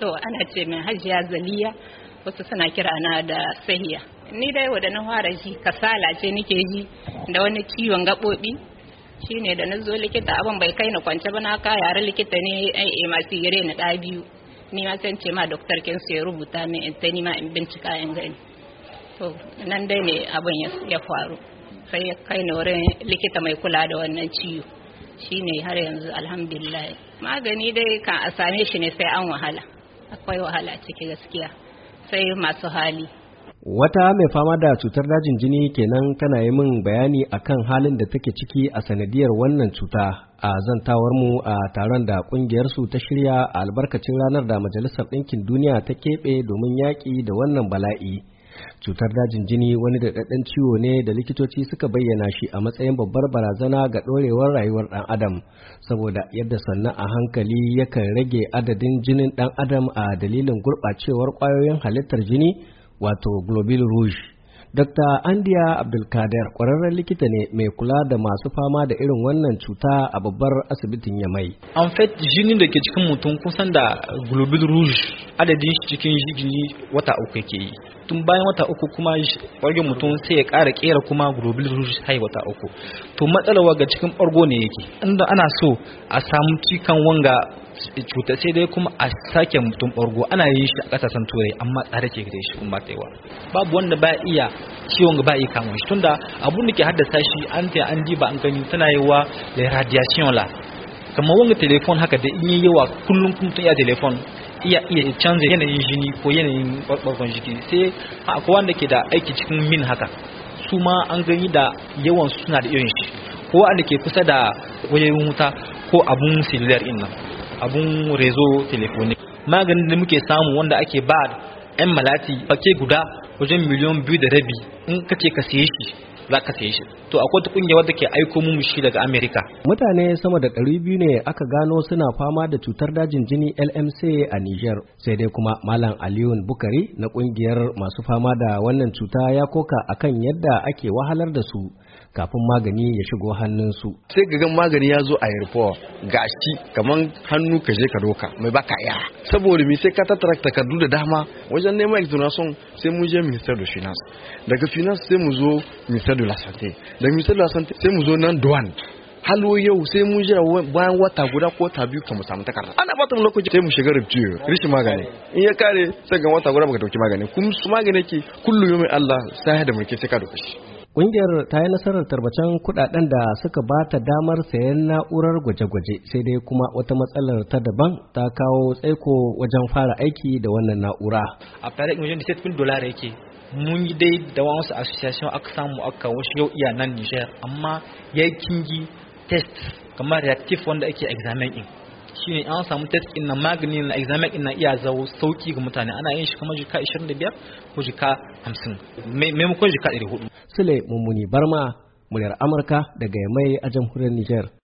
to ana ce min hajiya zaliya wasu suna kira na da sahiya ni dai da na fara ji kasala ce nike ji da wani ciwon gaɓoɓi shine da na zo likita abin bai kai na kwance ba na ka yare likita ne ai masu yare ni ɗa biyu ni ma san ce ma doktor kin sai rubuta min in ni ma in bincika in gani to nan dai ne abin ya faru sai ya kai ni wurin likita mai kula da wannan ciwo shine har yanzu alhamdulillah magani dai kan a same shi ne sai an wahala akwai wahala ciki gaskiya sai masu hali wata mai fama da cutar dajin jini kenan tana yi min bayani akan halin da take ciki a sanadiyar wannan cuta a zantawar mu a taron da kungiyar su ta shirya a albarkacin ranar da majalisar ɗinkin duniya ta keɓe domin yaƙi da wannan bala'i cutar dajin jini wani daɗaɗɗen ciwo ne da likitoci suka bayyana shi a matsayin babbar barazana ga ɗorewar rayuwar ɗan adam saboda yadda sannan a hankali yakan rage adadin jinin ɗan adam a dalilin gurɓacewar ƙwayoyin halittar jini wato globin rouge Dr. Andiya Abdulkader ƙwararren likita ne mai kula da masu fama da irin wannan cuta a babbar asibitin Yamai. An fait jini da ke cikin mutum kusan da globin rouge adadin shi cikin jini wata uku ke yi. tun bayan wata uku kuma ɓargon mutum sai ya kara kera kuma global rouge hai wata uku to matsalawa ga cikin ɓargo ne yake inda ana so a samu cikan wanga cuta sai dai kuma a sake mutum ɓargo ana yin shi a ƙasashen turai amma tsare ke gare shi kuma taiwa babu wanda ba iya ciwon ga ba iya kamun shi tunda abun da ke haddasa shi an ta an ji ba an gani tana yi wa da radiation la kamar wanga telefon haka da in yi yawa kullum kuma ta iya telefon iya iya canza yanayin jini ko yanayin ɓarɓarɓar jiki sai akwai wanda ke da aiki cikin min haka su ma an gani da yawan suna da irin shi ko wanda ke kusa da wayoyin wuta ko abun silular inna nan abun rezo telefoni maganin da muke samu wanda ake ba yan malati fake guda wajen miliyan biyu da rabi in kace ka siye shi za ka saye shi to akwai ta kungiya wadda ke aiko mu shi daga Amerika mutane sama da ɗari biyu ne aka gano suna fama da cutar dajin jini LMC a Niger sai dai kuma Malam Aliyun Bukari na kungiyar masu fama da wannan cuta ya koka akan yadda ake wahalar da su kafin magani ya shigo hannun su. Sai ga gan magani ya zo a yarfo shi kaman hannu ka je ka doka mai baka ya Saboda me sai ka tattara takardu da dama wajen neman exoneration sai mun je minister da finance. Daga finance sai mu zo minister de la santé. Daga minister de la santé sai mu zo nan douane. halo yau sai mun jira bayan wata guda ko wata biyu ka mu samu takarda ana bata mu lokaci sai mu shiga rubutu rishi magani in ya kare sai ga wata guda baka dauki magani kuma su magani ke kullu mai Allah sai da mulki sai ka shi Ƙungiyar ta yi nasarar tarbacen kuɗaɗen da suka ba ta damar sayan na'urar gwaje-gwaje sai dai kuma wata matsalar ta daban ta kawo tsaiko wajen fara aiki da wannan na'ura. A fara miliyan da sai dolar yake mun yi dai da wasu association aka samu aka wasu yau iya nan Nijar amma ya yi kingi test kamar reactive wanda ake examen in. shine an samu test din nan maganin na exam din na iya zawo sauki ga mutane ana yin shi kamar jika 25 ko jika 50 maimakon jika 400 sule mummuni barma muryar amurka daga yamai a jamhuriyar niger